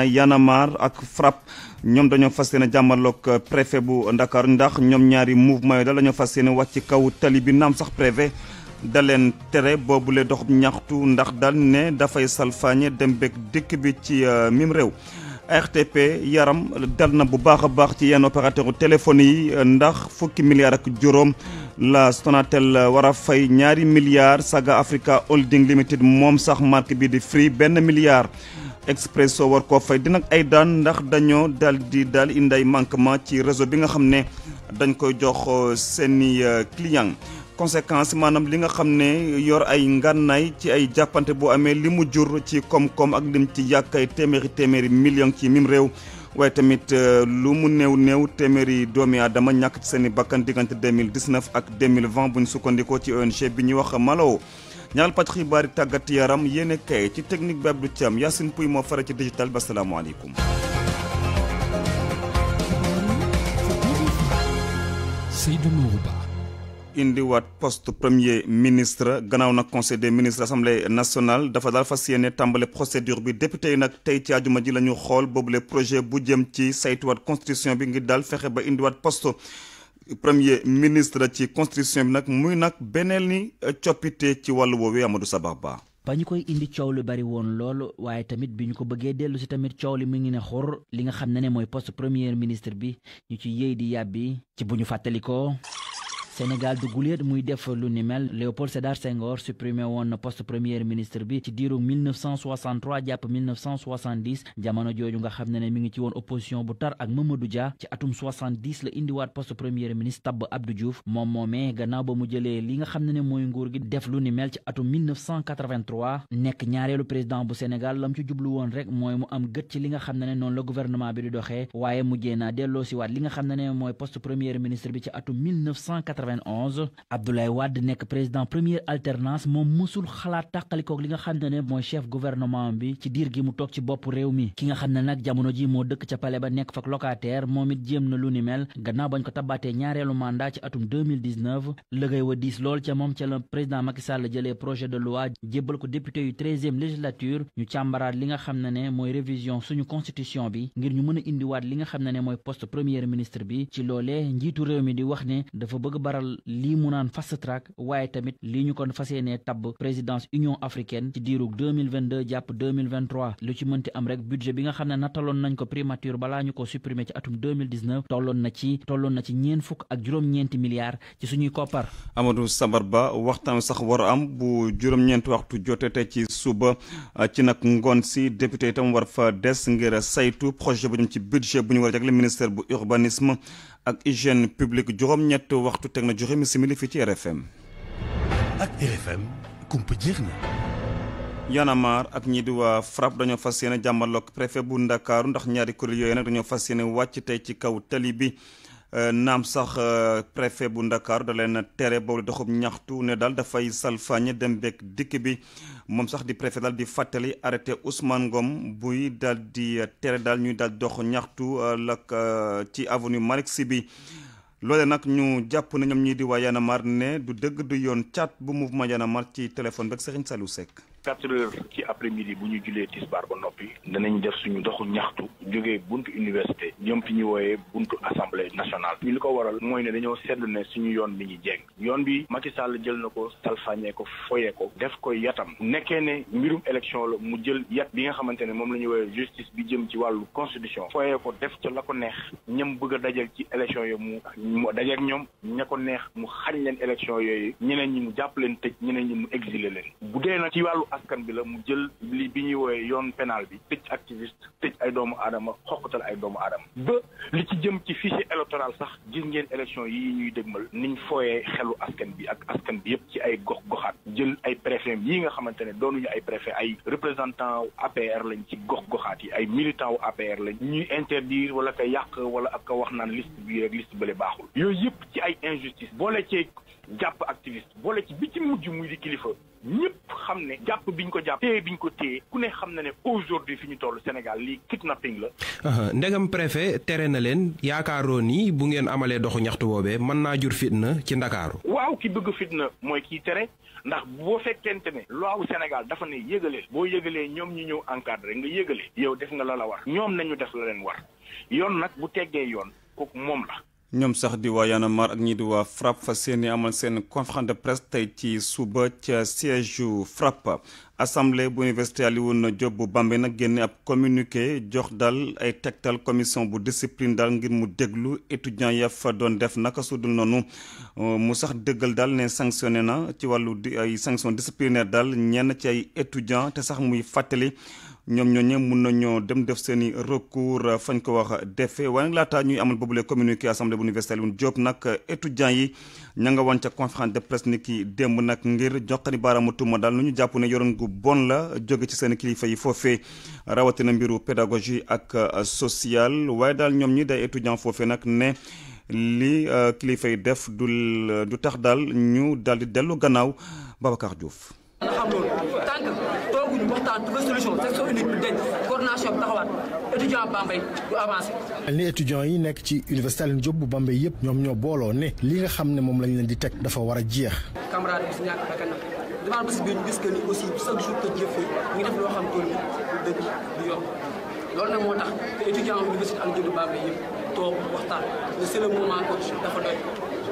yanamar ak FRAPP ñoom dañoo fas yéene jàmmaloog euh, préfet bu Ndakaaru ndax ñoom ñaari mouvement yi da lañoo fas yéene wàcc kaw tali bi naam sax préfet daleen leen tere boobule dox ñaxtu ndax dal ne dafay salfaañe dem beeg dikk bi ci euh, mim réew RTP yaram dal na bu baax a baax ci yenn opérateur téléphone yi euh, ndax fukki milliards ak juróom la Sonatel war a fay ñaari milliards Saga Africa Holding Limited moom sax marque bi di Free benn milliard Expresso war koo fay dina ay daan ndax dañoo daal di daal indi ay manquement ci réseau bi nga xam ne dañ koy jox euh, seeni euh, client conséquence maanaam li nga xam ne yor ay ngànnaay ci ay jàppante boo amee li mu jur ci koom-koom ak lim ci yàq ay téeméeri téeméeri million ci mim réew waaye tamit euh, lu mu néew néew téeméeri doomi aadama ñàkk ci seen i bakkan diggante 2019 ak 2020 bu ñu sukkandikoo ci ONG bi ñuy wax malo ñaal pàcc xibaar yi tàggat yaram yéene kay ci technique bi Abdou Thiam Yacine Pouy moo fara ci digital bi asalaamaaleykum Seydou indiwaat poste premier ministre gannaaw nag conseil des ministres assemblée national dafa daal fas yéene tàmbali procédure bi député yi nag tey ci àjuma ji la ñu xool boobule projet bu jëm ci saytuwaat constitution bi ngi daal fexe ba indiwaat post premier ministre ci constitution bi nag muy nag beneen ni eh, coppite ci wàllu woowee du Sabakh Ba ba ñu koy indi coow lu bari woon loolu waaye tamit bi ñu ko bëggee dellu si tamit coow li mu ngi ne xur li nga xam ne ne mooy post premier ministre bi ñu ci yéey di yàbbi ci bu ñu fàttalikoo Sénégal du guléet muy def lu ni mel Léopold Sédar Senghor supprimé woon na poste premier ministre bi ci diiru jàpp 1970 jooju nga xam ne ne mi ngi ci woon opposition bu tar ak Mamadou Dia ci atum la indiwaat poste premier ministre tabb Abdou Diouf moom moomee gannaaw ba mu li nga xam ne ne mooy nguur gi def lu ni mel ci atum nekk ñaareelu président bu Sénégal lam ci jublu woon rek mooy mu am gët ci li nga xam ne ne noonu la gouvernement bi di 91 Abdoulaye Wade nekk président première alternance moom mësul xalaat tàqalikook li nga xam ne mooy chef gouvernement bi ci diir gi mu toog ci bopp réew mi ki nga xam na nag jamono ji moo dëkk ca palais ba nekk fak locataire moom it jéem na lu ni mel gannaaw bañ ko tabaatee ñaareelu mandat ci atum lëgëy wa diis lool ca moom ca président Macky Sall jëlee projet de loi jébbal ko député yu 13 législature ñu càmbaraat li nga xam ne ne mooy révision suñu constitution bi ngir ñu mën a indiwaat li nga xam ne ne mooy poste premier ministre bi ci loolee waral lii mu naan fast track waaye tamit lii ñu kon fas yéenee tabb présidence union africaine ci diirug 2022 jàpp 2023 lu ci mënti am rek budget bi nga xam ne nataloon nañ ko primature balaa ñu ko supprimer ci atum 2019 tolloon na ci tolloon na ci ñeen fukk ak juróom-ñeenti milliards ci suñuy koppar Amadou Sabar Ba waxtaan sax war am bu juróom-ñeenti waxtu jote te ci suba ah, ci nag ngoon si député tam war fa des ngir saytu projet bu jëm ci budget bu ñu war a jagle ministère bu urbanisme ak hygiène publique juróom-ñett waxtu teg na juróomi simili fii ci RFM. ak RFM kumpa na. Y'en ak ñii di waa FRAPP dañoo fas yéene jàmmal ak préfet bu Ndakaaru ndax ñaari kuréel yooyu nag dañoo fas yéene wàcc tey ci kaw tali bi. Euh, naam sax euh, préfet bu Ndakaaru da leen tere boobu doxub ñaxtu ne daal dafay salfaañe dem beeg dikk bi moom sax di préfet daal di fàttali arrêté Ousmane Ngom buy daal di tere daal ñuy daal dox ñaxtu euh, lak ci avenue Malick si bi loole nag ñu jàpp na ñoom ñii di waa Y'en ne du dëgg du yoon caat bu mouvement Y'en a marre ci téléphone beeg Serigne Saliou Seck quatre heures ci après midi bu ñu julee tisbaar ba noppi danañ def suñu doxu ñaxtu jógee buntu université ñoom fi ñu wooyee buntu assemblée nationale ñu li ko waral mooy ne dañoo seetlu ne suñu yoon bi ñu jeng yoon bi Macky Sall jël na ko salfaañee ko foyee ko def ko yatam nekkee ne mbirum élection la mu jël yat bi nga xamante ne moom la ñu wooyee justice bi jëm ci wàllu constitution foyee ko def ca la ko neex ñam bëgg a dajal ci élection yo mu mu dajal ñoom ña neex mu xañ leen élection yooyu ñeneen ñi mu jàpp leen tëj ñeneen ñi mu exilé leen askan bi la mu jël li bi ñuy wooyee yoon pénal bi tëj activiste tëj ay doomu aadama xoqatal ay doomu aadama ba li ci jëm ci fichier électoral sax gis ngeen élection yi ñuy dégmal niñ fooyee xelu askan bi ak askan bi yëpp ci ay gox goxaat jël ay préfet yi nga xamante ne doonuñu ay préfet ay représentant APR lañ ci gox goxaat yi ay militant wu APR lañ ñuy interdire wala ka yàq wala ak ka wax naan liste bi rek liste bële baaxul yooyu yëpp ci ay injustice boole ci jàpp activiste boole ci bi ci mujj muy di kilifa ñëpp xam ne jàpp bi biñ ko jàpp bi ñu ko téye ku ne xam na ne aujourd'hui fi ñu toll Sénégal lii kidnapping la. ndegam préfet tere na leen yaakaaroo nii bu ngeen amalee doxu ñaxtu boobee mën naa jur fitna ci ndakaaru waaw ki bëgg fitna mooy kiy tere ndax boo fekkente ne. loi Sénégal dafa ne yëgaleel. boo yëgalee ñoom ñu ñëw encadré nga yëgalee. yow def nga la la war. ñoom nañu def la leen war yoon nag bu teggee yoon ñoom sax di waa Y'en ak ñii di waa FRAPP fa seeni amal seen conférence de presse tey ci suba ca siège yu FRAPP assemblée bu université na Diop bu Bambey nag génne ab communiqué jox dal ay tegtal commission bu discipline daal ngir mu déglu étudiants ya fa doon def naka su dul noonu euh, mu sax dëggal daal ne sanctionné na ci wàllu di ay sanction disciplinaire daal ñenn ci ay étudiants te sax muy fàttali. ñoom ñoo ñooñu mun nañoo dem def seen i recours euh, fañ ko wax defee waaye nag laata ñuy amal boobule communiqué assemblée bu université Alioune Diop nag euh, étudiants yi ña nga woon ca conférence de presse ni démb nag ngir joxani baaraamu tuuma daal nu ñu jàpp ne yoroon gu bon la jóge ci seen kilifa yi foofee rawatina mbiru pédagogie ak euh, social waaye daal ñoom ñi day étudiant foofee nag ne li kilifa yi def du du tax daal ñu daal di dellu gannaaw Babacar Diouf. étudiant Bambey du avancé. ni yi nekk ci université Alioune Diop bu Bambey yépp ñoom ñoo booloo ne li nga xam ne moom lañu leen di teg dafa war a jeex. camarade bi si ñàkk bakkan na devant bi def loo xam tool yi dëkk du yokk loolu nag moo tax étudiant université Alioune Diop bu Bambey yëpp toog waxtaan c'est le moment que dafa doy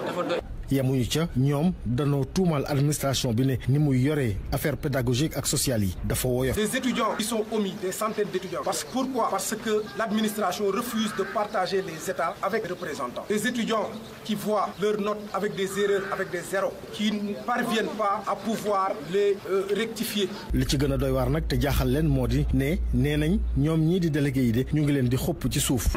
dafa doy. yemuñu ca ñoom danoo tuumal administration bi ne ni muy yore affaire pédagogique ak sociale yi dafa woyof. des étudiants qui sont omis des centaines d'étudiants. parce que pourquoi parce que l'administration refuse de partager les états avec les représentants. des étudiants qui voient leurs notes avec des erreurs avec des zéros qui ne parviennent pas à pouvoir les euh, rectifier. li ci gën a doy waar nag te jaaxal leen moo di ne nee nañ ñoom ñii di délégué yi de ñu ngi leen di xopp ci suuf.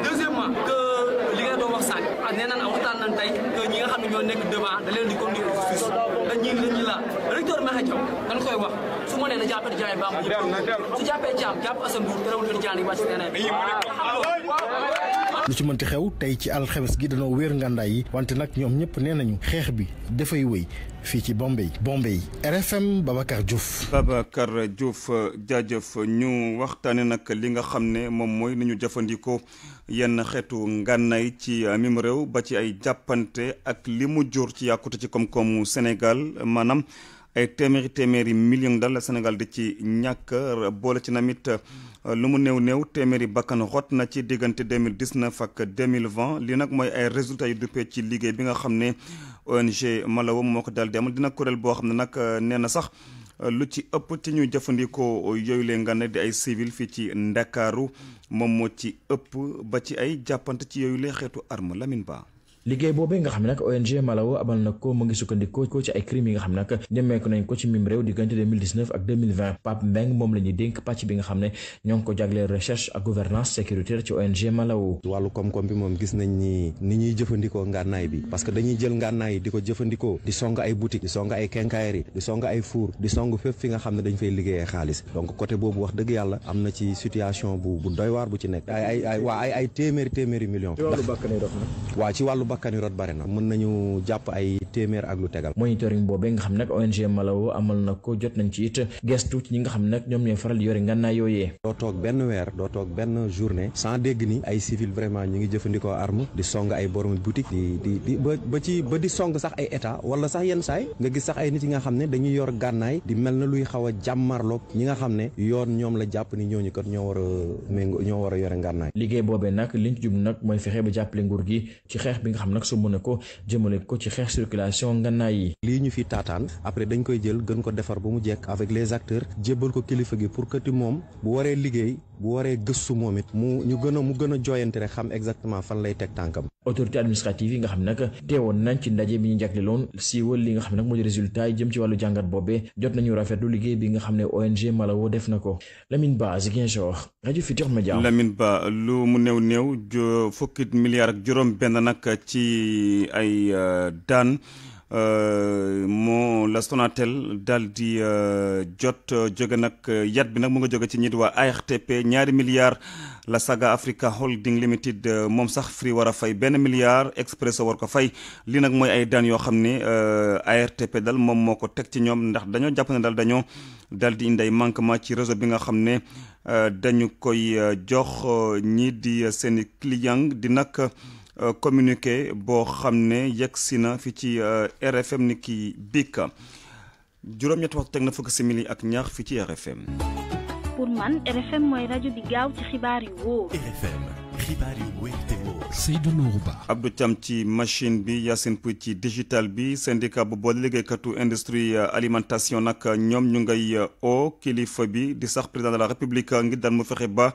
nekk devant da leen di conduire justice dañ ñii la recteur Mekhe Diaw dañ koy wax su ma nee na jàppee jaay baax su jàppee jaam jàpp Assane Ndour terewul leen jaan yi wàcc lu ci mënti xew tey ci alxames gi danoo wéer ngàndaay yi wante nag ñoom ñëpp nee nañu xeex bi dafay wéy fii ci Bombay Bombay RFM Babacar Diouf. Babacar Diouf jaajëf ñu waxtaanee nag li nga xam ne moom mooy ni ñu jëfandikoo yenn xeetu ngànnaay ci mim réew ba ci ay jàppante ak li mu jur ci yàkkute ci koom-koomu Sénégal maanaam. ay téeméeri téeméeri million dal Sénégal di ci ñàkk boole ci namit lu mu néew néew téeméeri bakkan xot na ci diggante 2019 ak 2020 li nag mooy ay résultats yu duppee ci liggéey bi nga xam ne ONG Malawo moo ko daal di dina kuréel boo xam ne nag nee na sax lu ci ëpp ci ñu jëfandikoo yooyu lee nga ne di ay civil fii ci Ndakaaru moom moo ci ëpp ba ci ay jàppante ci yooyu lee xeetu arme Lamine Ba liggéey boobee nga xam ne nag ONG Malawo abal na ko mu ngi sukkandikoo ko ci ay crimes yi nga xam ne nag nemmeeku nañ ko ci mim réew diggante 2019 ak 2020 Pape Mbengue moom la ñuy dénk pàcc bi nga xam ne ñoo ngi ko jagleel recherche ak gouvernance sécuritaire ci ONG Malawo wàllu koom-koom bi moom gis nañ ni ni ñuy jëfandikoo ngànnaay bi parce que dañuy jël ngànnaay yi di ko jëfandikoo di song ay boutique di song ay kenkaayri di song ay four di song fépp fi nga xam ne dañ fay liggéeyee xaalis donc côté boobu wax dëgg yàlla am na ci situation bu bu doy waar bu ci nekk ay ay waa ay ay téeméeri téeméeri millions waa ci wàllu bakkan na mën nañu jàpp ay téeméer ak lu tegal monitoring boobee nga xam nag ONG Malawo amal na ko jot nañ ci it gestu ci ñi nga xam nag ñoom ñooy faral yore ngànnaay yooyee doo toog benn weer doo benn journée sans dégg ni ay civil vraiment ñu ngi jëfandikoo arme di song ay borom boutique di di ba ba ci ba di sax ay état wala sax yenn saay nga gis sax ay nit yi nga xam ne dañuy yor gànnaay di mel na luy xaw a jàmmarloog ñi nga xam ne yoon ñoom la jàpp ni ñooñu kat ñoo war a méngoo ñoo war a yore ngànnaay liggéey boobee nag liñ ci jub nag mooy fexe ba jàppale nguur gi ci xeex bi nga xam nag su mu ne ko jëmale ko ci xeex circulation ngannaay yi. lii ñu fi taataan après dañ koy jël gën ko defar ba mu jekk avec les acteurs jébbal ko kilifa gi pour que ti moom bu waree liggéey bu waree gëstu moom it mu ñu gën a mu gën a jooyante rek xam exactement fan lay teg tànkam. autorité administrative yi nga xam nag woon nañ ci ndaje bi ñu jagleeloon siiwal li nga xam ne nag moo di résultat yi jëm ci wàllu jàngat boobee jot nañu rafetlu liggéey bi nga xam ne ONG Malawo def na ko Lamine Ba Ziguinchor rajo Futurs Médias. Lamine Ba mu néew néew fukki milliards ak juróom benn ci ay euh, daan euh, moo la Sonatel dal di euh, jot jóge nag yat bi nag mu nga jóge ci ñit waa ARTP ñaari milliards la Saga Africa Holding Limited moom sax Free war a fay benn milliard Expresso war ko fay lii nag mooy ay daan yoo xam ne ARTP dal moom moo ko teg ci ñoom ndax dañoo jàpp ne daal dañoo dal di indi ay manquement ci réseau bi nga xam ne dañu koy jox ñii di seeni i di nag. Euh, communiqué boo xam ne yegg si na fi ci euh, RFM ni ki bik juróom-ñetti waxtu teg na fukki simili ak ñaar fi ci RFM. pour man ci machine bi Yacine Pouy ci digital bi syndicat bu boole liggéeykatu industrie euh, alimentation nag ñoom ñu ngay oo kilifa bi di sax président de la république ngir daan mu fexe ba.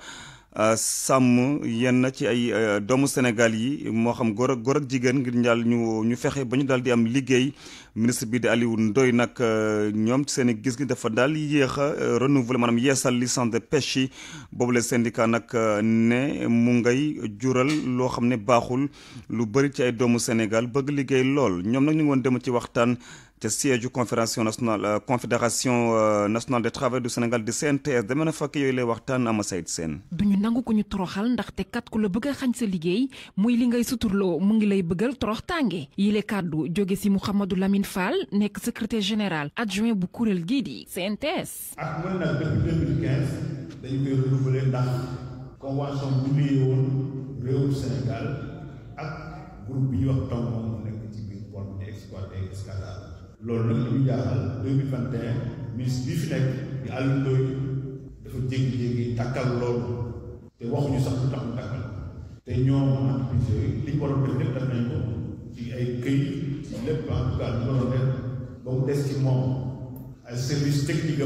Euh, sàmm yenn ci ay euh, doomu Sénégal yi moo xam góor ak góor ak jigéen ngir njàll ñu ñu fexe ba ñu daal di am liggéey ministre bi de Aliou ndoy nag euh, ñoom seen gis gi dafa daal yéex a renouveler maanaam yeesal licence de pêche yi boobu la syndicat nag ne mu ngay jural loo xam ne baaxul lu bari ci ay doomu Sénégal bëgg liggéey lool ñoom nag ñu ngi woon dem ci waxtaan. te siège u confédération nationale euh, confédération euh, nationale des travailleurs du Sénégal di CNTS dama na fakk yooyu lay waxtaan ama sayt seen duñu nangu ko ñu toroxal ndaxte kat ku la bëgg xañ sa liggéey muy li ngay suturloo mu ngi lay bëggal torox tànge yile kàddu jóge si Mouhamadou Lamine Fall nekk secretaire général adjoint bu kuréel gii di CNTS ak mën nag depuis dañu koy renouveler bi ñuy wax Tongo mu nekk ci biir port di exploité escalade loolu nag li ñu jaaxal deux mille vingt et un ministre bii fi nekk di Alioune Ndoye dafa jékki-jékki takkal loolu te waxuñu sax lu tax takkal te ñoom entreprise yooyu li ñu waroon def lépp def nañ ko ci ay këyit lépp en tout cas ñu ba mu des ci moom ay service technique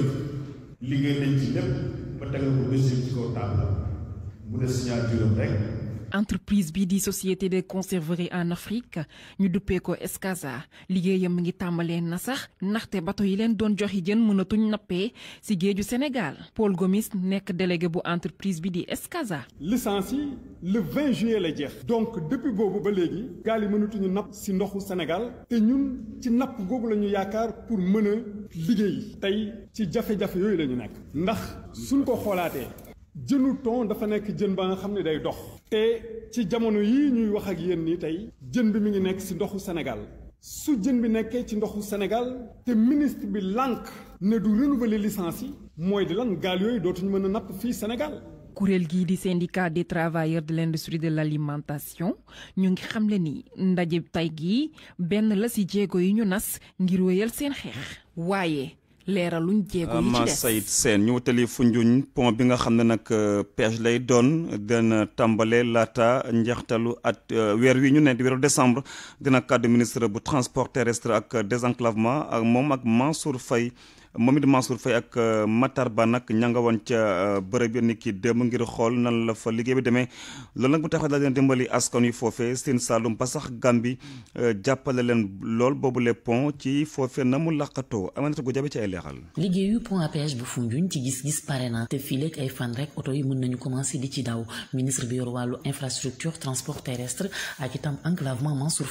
liggéey nañ ci lépp ba tegal ko dossier ci kaw table mu des signature rek entreprise bii di société des conserveries en Afrique ñu duppee ko Escasa liggéeyam mi ngi tàmbalee na sax ndaxte bato yi leen doon joxi jën mënatuñ nappee ci géeju Sénégal Paul Gomis nekk délégué bu entreprise bi di Escasa. licence yi le 20 juillet la jeex. donc depuis boobu ba léegi. gaal yi mënatuñu napp ci ndoxu Sénégal. te ñun ci napp googu la ñu yaakaar pour mën a liggéey. tey ci jafe-jafe yooyu la ñu nekk. ndax suñ ko xoolaatee. jënu ton dafa nekk jën ba nga xam ne day dox te ci jamono yi ñuy wax ak yéen nii tey jën bi mi ngi nekk ci ndoxu Sénégal su jën bi nekkee ci ndoxu Sénégal te ministre bi lànk ne du renouveler licence mooy di lan gaal yooyu dootuñu mën a napp fii Sénégal kuréel gii di seen di syndicat di travailleurs de l'industrie de l'alimentation ñu ngi xamle ni ndaje tey gii benn la ci jéego yi ñu nas ngir wéyal seen xeex waaye leeraluñ jéego yi ci des Sayid Seen ñu wutali funjuñ pont bi nga xam ne nag euh, péage lay doon dina tàmbale laata njeextalu at euh, weer wi ñu ne weeru décembre dina kàddu ministre bu transport terrestre ak désenclavement ak moom ak Mansour fay moom it Mansour Faye ak euh, Matar Ba nag ña nga woon ca euh, bërëb ya ni démb ngir xool nan la fa liggéey bi demee loolu nag bu taxee daal dina dimbali askan yu foofee Sine Saalum ba sax Gàmbi euh, jàppale leen lool boobu le ci foofee na mu laqatoo amanata gu jabe ci ay leexal. liggéeyu pont à péage bu ci gis-gis pare na te fii ay fan rek oto yi mën nañu commencé di ci daw ministre bi yor wàllu infrastructure transport terrestre ak itam enclavement Mansour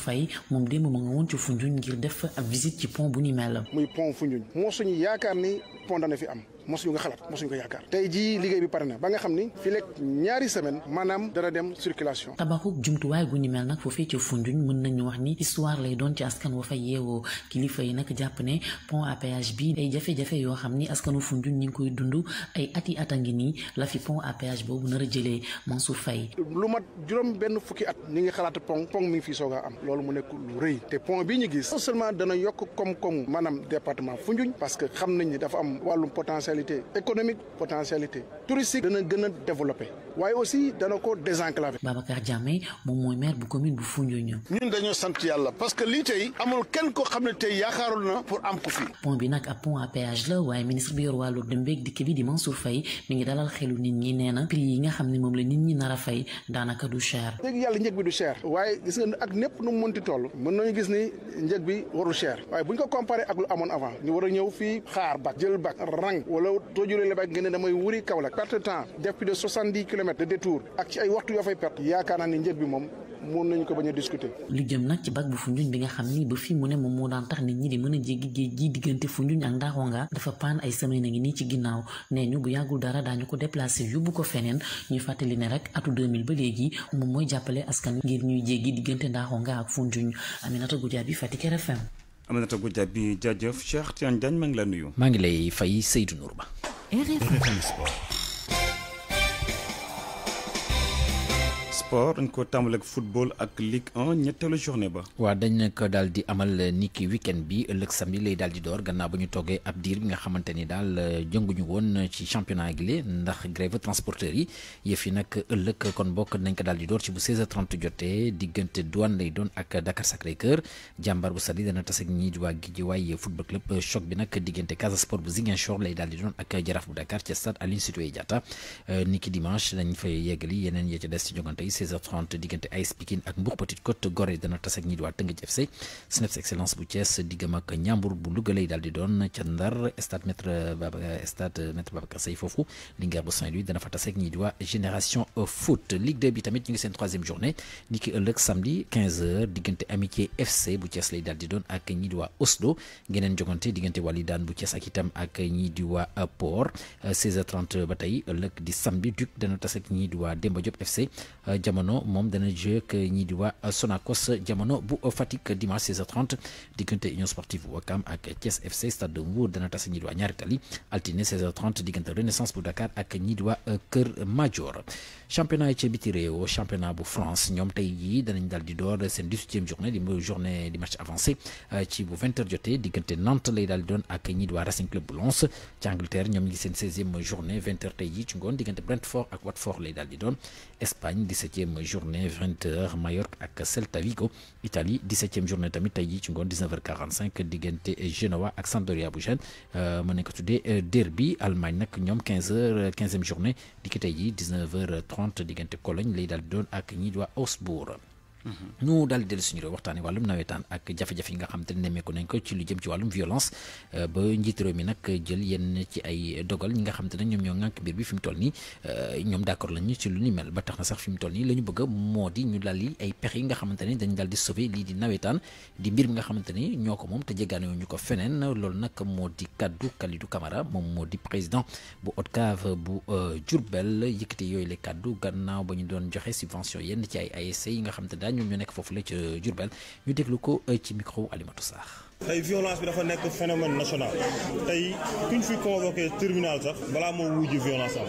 yaakaar ni pont dana fi am mosuñu ko xalaat mosuñu ko yaakaar tey jii liggéey bi pare na ba nga xam ni fi lekk ñaari semaine maanaam dara dem circulation tabaxu jumtuwaay gu ñu mel nag foofee ci Foundiougne mën nañu wax ni histoire lay doon ci askan wa fa yeewoo kilifa yi nag jàpp ne pont à bi ay jafe-jafe yoo xam ni askanu Foundiougne ñi ngi koy dund ay ati at a ngi nii la fi pont à péage boobu nar a jëlee Mansour Faye lu mat juróom benn fukki at ñi ngi xalaat pont lu rëy te pont bii potentialité économique potentialité touristique dana gën a développé waaye aussi dana ko désenclavé. Babacar Diamé moom mooy maire bu commune bu Foundiougne. ñun dañoo sant yàlla parce que lii tey amul kenn koo xam ne tey yaakaarul na pour am ko fii. pont bi nag ab pont à péage la waaye ministre bi yor wàllu dem beeg dikk bi di Mansour Faye mi ngi dalal xelu nit ñi nee na yi nga xam ne moom la nit ñi nar a fay daanaka du cher. bu ñu ko comparé ak lu a ñëw loolu doo jëlee la ba nga ne damay wuri Kaolack perte temps def plus de soixante-dix kilomètres de détour ak ci ay waxtu yoo fay perte yaakaar naa ni njëg bi moom mën nañu ko bañ a jëm nag ci bac bu bi nga xam ni ba fii mu ne moom moo daan tax nit ñi di mën a jéggi géej gi diggante Foundiougne ak Ndaxonga dafa paan ay semaine a ngi nii ci ginnaaw nee ñu bu yàggul dara daañu ko déplacé yóbbu ko feneen ñu fàttali ne rek atu 2000 ba léegi moom mooy jàppale askan ngir ñuy jéggi diggante Ndaxonga ak Foundiougne Aminata Goudia bi Fatick RFM Aminata Goudia bi ja Cheikh Tidiane Diagne maa la nuyu. maa ngi lay fay Seydou Nour Ba. RFM sport dañ ko tàmbale ak football ak Ligue 1 ñetteelu journée ba. waaw dañ nekk daal di amal euh, ni ki weekend bi ëllëg samedi lay daal di door gannaaw ba ñu toogee ab diir bi nga xamante ni daal euh, jënguñu woon ci championnat anglais ndax grève transporteurs yi yëf yi nag ëllëg kon bokk nañ ko daal di door ci bu jotee diggante douane lay doon ak Dakar Sacré Cœur jàmbaar bu sali dana tase ñii di waa Guédiawaye football club euh, choc bi nag diggante Casa Sport bu Ziguinchor 16h30 diggante AS Pikine ak Mbour Petite Côte Gorée dana tas ak ñi di FC SNEPS excellence bu Thiès diggam ak Ndiambour bu Louga lay daal di doon ca Ndar stade maître Baba stade maître Babacar Seye foofu Linguère bu dana fa tas ak ñi Génération Foot Ligue bi tamit ñi di Oslo ngeneen jogante diggante Walidaan bu Thiès ak itam ak ñi di waa euh, ba tey ëllëg di samedi Duc dana tas ak ñi di waa FC euh, jamono moom dana joué ak ñii di waa Sonacos jamono bu Fatick dimanche 16h30 diggante Union Sportive Wakam ak Thiès FC Stade de Mbour dana tase ñii di waa altine diggante Renaissance bu Dakar ak ñii Kër Madior championnat yi ca biti réew championnat bu France ñoom tey jii danañ daal di door seen 18e journée di journée di match avancé euh, ci bu 20h jotee diggante Nantes lay daal di doon ak ñii di Club bu Lens ci Angleterre ñoom ñu seen 16 17e journée 20h Majorque ak Celta Vigo Italie 17e journée tamit tey jii ci ngoon 19h45 diggante Genoa ak Sampdoria bu Gênes euh, mën nañ ko tuddee euh, derby Allemagne nag ñoom 15h euh, 15e journée di tey jii 19h30 diggante Cologne lay daal di doon ak ñi di waa Augsbourg. ñu daal di dellu suñu réew waxtaanee wàllum nawetaan ak jafe-jafe yi nga xam te nemmeeku nañ ko ci lu jëm ci wàllum violence euh, ba njiit réew mi nag jël yenn ci ay dogal ñi nga xam te ne ñoom ñoo ŋànk bi fi mu toll nii euh, ñoom d'accord lañu ci lu sax fi mu toll nii la ñu bëgg moo di ñu daal di ay pexe yi nga xamante ne dañ daal di sauver lii di nawetaan di mbir bi nga xamante ni ñoo ko moom te jéggaane ñu ko feneen loolu nag moo di kaddu Kalidou kamara moom moo di président bu ODCAV bu euh, Diourbel yëkkati yooyu le kaddu gannaaw ba ñu doon joxe subvention yenn ci ay ASC yi nga xam te ñoom ñu nekk foofu la ca Diourbel ñu déglu ko euh, ci micro Alimatou Sarr tey violence bi dafa nekk phénomène national tey kuñ fi convoqué tribunal sax balaa moo wujju violence am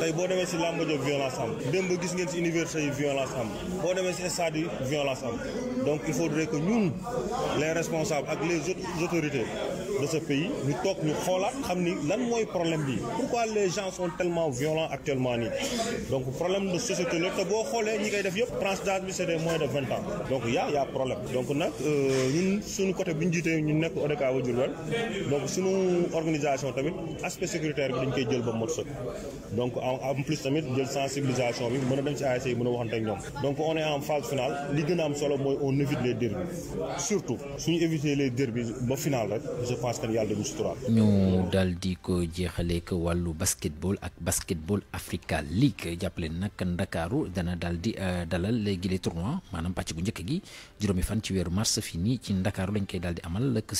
tey boo demee si làmb ja violence am démb gis ngeen si université yi violence am boo demee si stade yi violence am donc il faudrait que ñun les responsables ak les autorités de ce pays ñu toog ñu xoolaat xam ni lan mooy problème bi pourquoi les gens sont tellement violents actuellement nii donc problème de société la te boo xoolee ñi koy def yëpp tranche d'âge bi c'est de vingt a y a ñu jiitee ñu nekk ODCAV Diourbel donc suñu organisation tamit aspect sécuritaire bi dañ koy jël ba mot sëkk donc en plus tamit jël sensibilisation bi mën a dem ci ASC e yi mën a waxante ñoom donc on est a am solo mooy on évite les derbies surtout suñu éviter les derbies ba final rek je pense que yàlla dañu suturaal ñu daal di ko jeexalee ko wàllu basketball ak basketball Africa League jàppale nag Ndakaaru dana daal di euh, dalal léegi les tournois maanaam pàcc bu njëkk gi juróomi fan ci weeru mars fii nii ci Ndakaaru lañ koy dal di amal lëkk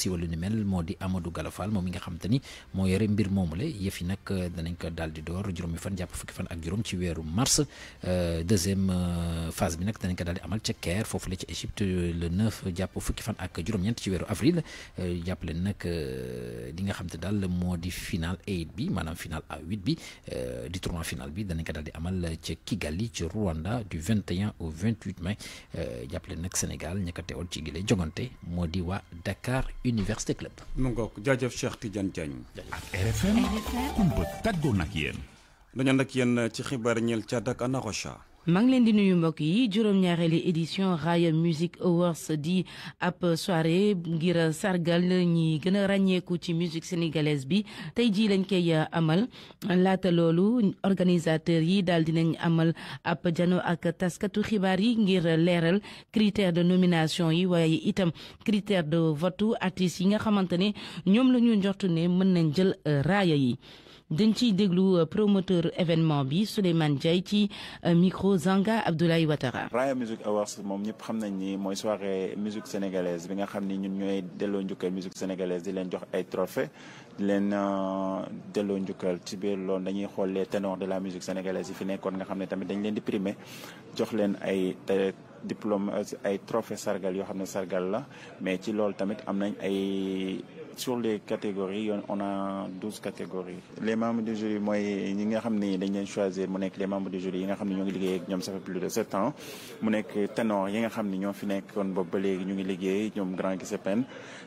di Amadou Gallo Fall moom mi nga xam te moo yore mbir moomule yëf yi nag euh, danañ ko daal di door juróomi fan jàpp fukki fan ak juróom ci weeru mars euh, deuxième euh, phase bi nag danañ ko daal amal ca Caire foofu la ci Égypte le 9 jàpp fukki fan ak juróom-ñeent ci weeru avril jàpp leen nag li nga xam te daal moo di final bi maanaam final A8 bi di tournoi final bi danañ ko daal di amal ca Kigali ci Rwanda du 21 au 28 mai jàpp leen nag Sénégal ña ko ci gile jogante moo di waa Dakar Université Club. mu ngoog jaajëf Cheikh Tidiane Diagne. ak RFM. RFM kumba tàggoo na ak yéen. dañu ànd ak ci xibaar ñeel Tchad ak Anna maa leen di nuyu mbokk yi juróom-ñaareelu édition Raaya Music Awards di ab soirée ngir sargal ñi gën a ràññeeku ci musique sénégalaise bi tey jii lañ koy amal laata loolu organisateurs yi daal dinañ amal ab jano ak taskatu xibaar yi ngir leeral critère de nomination yi waaye itam critère de vote artistes yi nga xamante ne ñoom la ñu njortu ne mën nañ jël euh, raaya yi dañ ciy déglu euh, promoteur événement bi Souleymane Ndiaye ci euh, micro Zanga Abdoulaye Ouattara. Raaya Music Awards moom ñëpp xam nañ ni mooy soirée musique sénégalaise bi nga xam ni ñun ñooy delloo njukkal musique sénégalaise di leen jox ay trophées di leen euh, delloo njukkal ci biir loolu dañuy xool les ténors de la musique sénégalaise yi fi nekkoon nga xam ne tamit dañ leen di primé jox leen ay diplôme ay trophée sargal yoo xam ne sargal la mais ci loolu tamit am nañ ay. sur les catégories on a douze catégories. les membre du jury mooy ñi nga xam ne dañ leen choisir mu nekk le membres du jury yi nga xam ne ñoo ngi liggéey ak ñoom ça fait plus de sept ans mu nekk ténor yi nga xam ne ba léegi ñu ngi liggéey ñoom Grand Giuseppine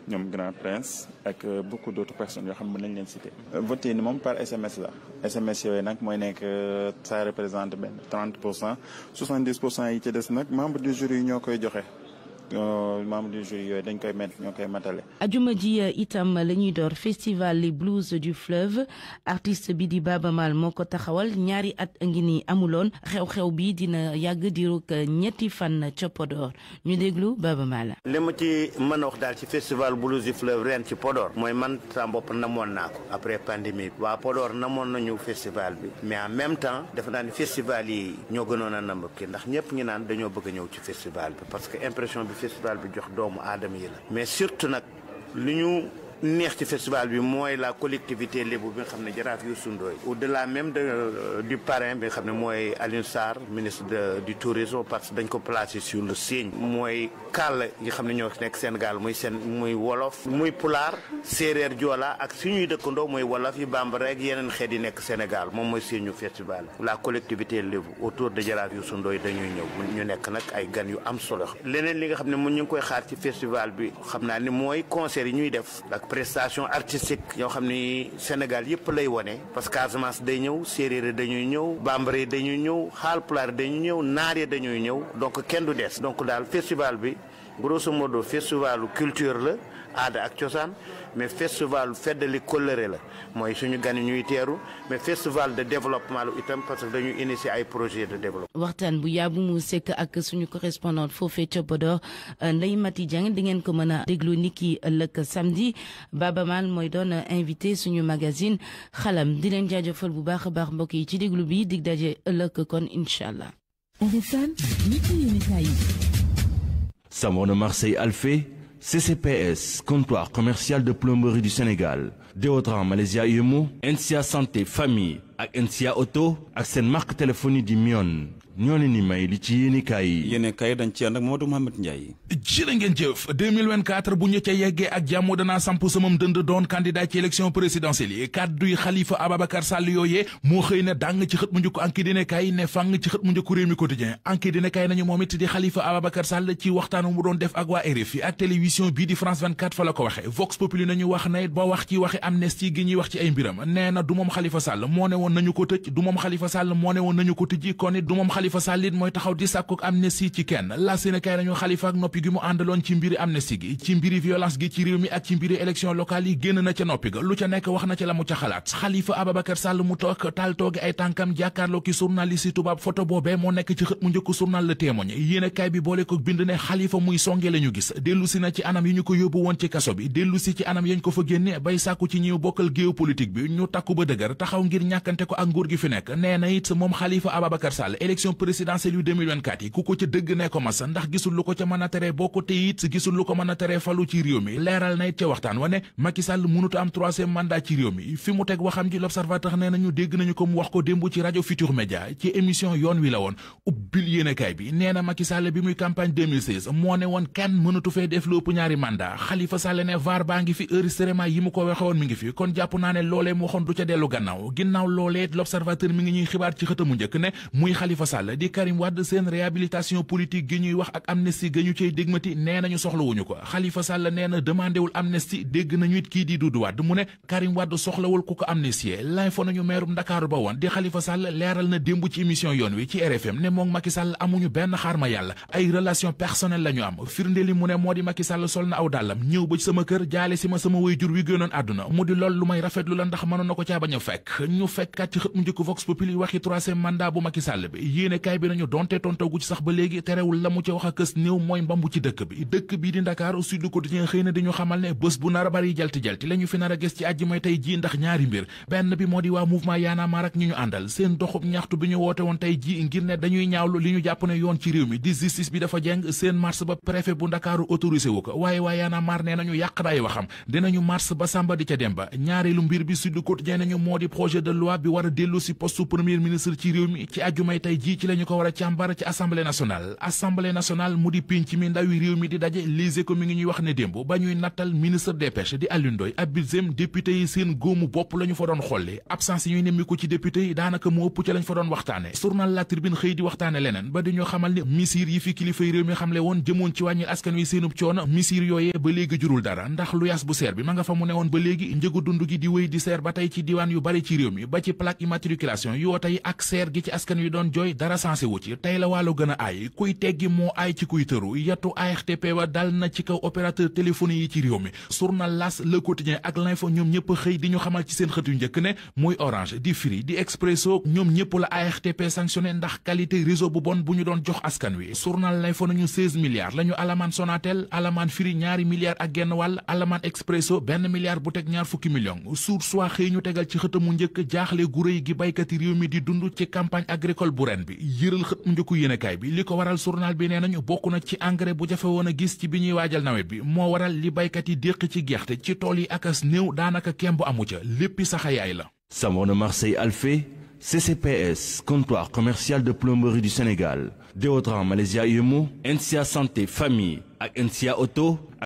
ñoom Grand Prince ak euh, beaucoup d' autres personnes yoo xam ne mën nañ leen citer. vote yi moom par SMS la SMS yooyu nag mooy nekk euh, ça représente benn 30 pour cent 70 pour yi ci des nag membres du yi ñoo koy joxe. Euh, membre du jury yooyu dañ koy met ñoo koy matale. ajuma ji euh, itam la ñuy door festival les blues du fleuve artiste bi di Baaba Maal moo ko taxawal ñaari at ngi nii amuloon xew-xew bi dina yàgg diirug euh, ñetti fan ca Podor ñu déglu Baaba Maal. li ma ci mën a wax daal ci festival blues du fleuve ren ci Podor mooy man sa bopp namoon naa ko après pandémie bi waa Podor namoon ñëw festival bi mais en même temps dafa naa ni festival yi ñoo gënoon a namb kii ndax ñëpp ñu naan dañoo bëgg ñëw ci festival sociale bi jox doomu aadama yi la mais surtout nag li ñu neex ci festival bi mooy la collectivité lébu bi nga xam ne jaraat Youssou Ndoye au la même de euh, du parrain bi nga xam ne mooy Alioune Sarr ministre de du tourisme parce que dañ ko place sur le signe mooy kaal yi nga xam ne ñoo nekk Sénégal muy seen muy wolof muy pulaar séeréer joola ak suñuy dëkkandoo muy wolof yi bambara ak yeneen xeet yi nekk Sénégal moom mooy signe festival la collectivité lébu autour de jaraaf Youssou Ndoye dañuy ñëw ñu nekk nag ay gan yu am solo leneen li nga xam ne mu ñu ngi koy xaar ci festival bi xam naa ni mooy concert yi ñuy def prestation artistique yoo xam ni Sénégal yëpp lay wone parce que Casamance day ñëw séeréer dañuy ñëw bambara yi dañuy ñëw xaalpulaar dañuy ñëw naar yi dañuy ñëw donc kenn du des donc daal festival bi grosso modo festivalu culture la aada ak cosaan mais festival feddali kóllëre la mooy suñu gan yi ñuy teeru mais festival de développement lu itam parce que dañu initier ay projet de développement. waxtaan bu yaabu mu sekk ak suñu correspondant foofee ca Podor Ndeye Mati Dieng di ngeen ko mën a déglu ni ki ëllëg samedi Baba Mal mooy doon invité suñu magazine xalam di leen jaajëfal bu baax a baax mbokk yi ci déglu bi dig daje ëllëg kon incha allah. Savon de Marseille Alphée CCPS comptoir commercial de plomberie du Sénégal Deodran Malaysia Yemo NCA Santé famille ak NCA Auto ak seen marque téléphonique di Mion ñoo leen ni may li ci yéenekaay yi yéenekaay dañ ci ànd ak Mamadou Mouhamed Ndiaye jërë ngeen jëf bu ñu ca yeggee ak jàmm danaa samp samam dënd doon candidat ci élection présidentielle yi kàdduy Khalifa Ababacar Sall yooyee moo xëy na dàng ci xët mu njëkk Enquête yéenekaay ne fàng ci xët mu njëkk Rewmi Quotidien Enquête yéenekaay nañu moom it di Khalifa Ababacar Sall ci waxtaan mu doon def ak waa RFI ak télévision bii di France fa la ko waxe Khalifa Sall it mooy taxaw di sàkku amnistie ci kenn la seen kay nañu Khalifa ak noppi gi mu àndaloon ci mbiri amnistie gi ci mbiri violence gi ci réew mi ak ci mbiri élection locale yi génn na ca noppi ga lu ca nekk wax na ca la mu ca xalaat Khalifa Ababacar Sall mu toog taal toogi ay tànkam jàkkaarloo ki journaliste yi tubaab photo boobee moo nekk ci xët mu njëkk journal Le Témoin yéen bi boole ko bind ne Khalifa muy songe la ñu gis dellu si na ci anam yi ñu ko yóbbu woon ci kaso bi dellu anam yañ ko fa génne bay sàkku ci ñiw bokkal bi ñu takku ba dëgër taxaw ngir ñàkkante ko ak gi fi nekk nee na it moom Khalifa Ababacar Sall élection élection présidentielle yu 2024 yi ku ko ca dëgg ne ko ndax gisul ko ca mën a teree bokk te it gisul ko mën a falu ci réew mi leeral na it ca waxtaan wa ne Macky Sall am troisième ci réew mi fi mu teg waxam ji l'observateur nee nañu dégg nañu ko mu wax ko démb ci rajo Futur Média ci émission yoon wi la woon ubbil yéenekaay bi nee na Macky bi muy campagne moo ne woon kenn mënatu fee def lu ëpp ñaari mandat Khalifa ne vaar baa ngi Sall di Karim Wade seen réhabilitation politique gi ñuy wax ak amnistie ga ñu cay dégmati nee nañu soxlawuñu ko Khalifa Sall nee na demandé wul dégg nañu it kii di Doudou Wade mu ne Karim Wade soxlawul ku ko amnistier l'info nañu meerum Ndakaaru ba woon di Khalifa Sall leeral na démb ci émission yoon wi ci RFM ne moom Macky Sall amuñu benn xaarma yàlla ay relation personnelle la am firnde mu ne moo di Macky Sall sol na aw dàllam ñëw ba sama sama waajur a yéenekaay bi nañu donte tontagu ci sax ba léegi terewul la mu ca wax a kës néew mooy mbambu ci dëkk bi dëkk bii di Ndakaar Sud Quotidien xëy na dañu xamal ne bés bu nar a bari jalti-jalti la ñu fi nar a gis ci àjjuma tey ji ndax ñaari mbir benn bi moo di waa mouvement Y'en a ak ñi ñu àndal seen doxub ñaxtu bi ñu woote woon tey ji ngir ne dañuy ñaawlu li ñu jàpp ne yoon ci réew mi di justice bi dafa jeng seen marche ba préfet bu Ndakaaru autorisé wu ko waaye waa Y'en a nañu yàq daay waxam dinañu marche ba sàmba di ca dem ba ñaareelu mbir bi Sud Quotidien nañu moo di projet de loi bi war a dellu si poste premier ministre ci réew mi ci àjjuma tey ji ci la ñu ko war a càmbar ci assemblée nationale assemblée nationale mu di pénc mi ndawi réew mi di daje lisé ko mi ngi ñuy wax ne démb ba ñuy nattal ministre des pêches di Alioune ab budget député yi seen góomu bopp la ñu fa doon xolli absence yi ñuy nemmiku ci député yi daanaka mu ëpp ci lañ fa doon waxtaane journal La Tribune xëy di waxtaane leneen ba di ñu xamal ne misir yi fi kilifay réew mi xamle woon jëmoon ci wàññi askan wi seenub coono misir yooyee dara ndax lu yas bu ma nga fa mu newoon ba léegi njëgu dund gi di wéy di seer ba wi doon jooy dara sensé wu ci tey la wàllu gën a aay kuy teggi moo aay ci kuy tëru yattu ARTP ba dal na ci kaw opérateur téléphone yi ci réew mi journal L'As Le Quotidien ak L'Info ñoom ñëpp xëy di ñu xamal ci seen xët yu njëkk ne muy Orange di Free di Expresso ñoom ñëpp la ARTP sanctionné ndax qualité réseau bu bon bu ñu doon jox askan wi journal L'Info nañu 16 milliards la ñu alamaan Sonatel alamaan Free ñaari milliards ak genn wàll alamaan Expresso benn milliard bu teg ñaar fukki million suur soit xëy ñu tegal ci xëtamu njëkk jaaxle yëral xët mu njëkku yéenekaay bi li ko waral journal bi nee nañu bokk na ci engrais bu jafe woon a gis ci bi ñuy waajal nawet bi moo waral li baykat yi déq ci gerte ci tool yi akas néew daanaka kemb amu ca léppi saxayaay la savon de Marseille Alphé CCPS comptoir commercial de plomberie du Sénégal Deodran Malaysia Yemo NCA santé famille ak NCA auto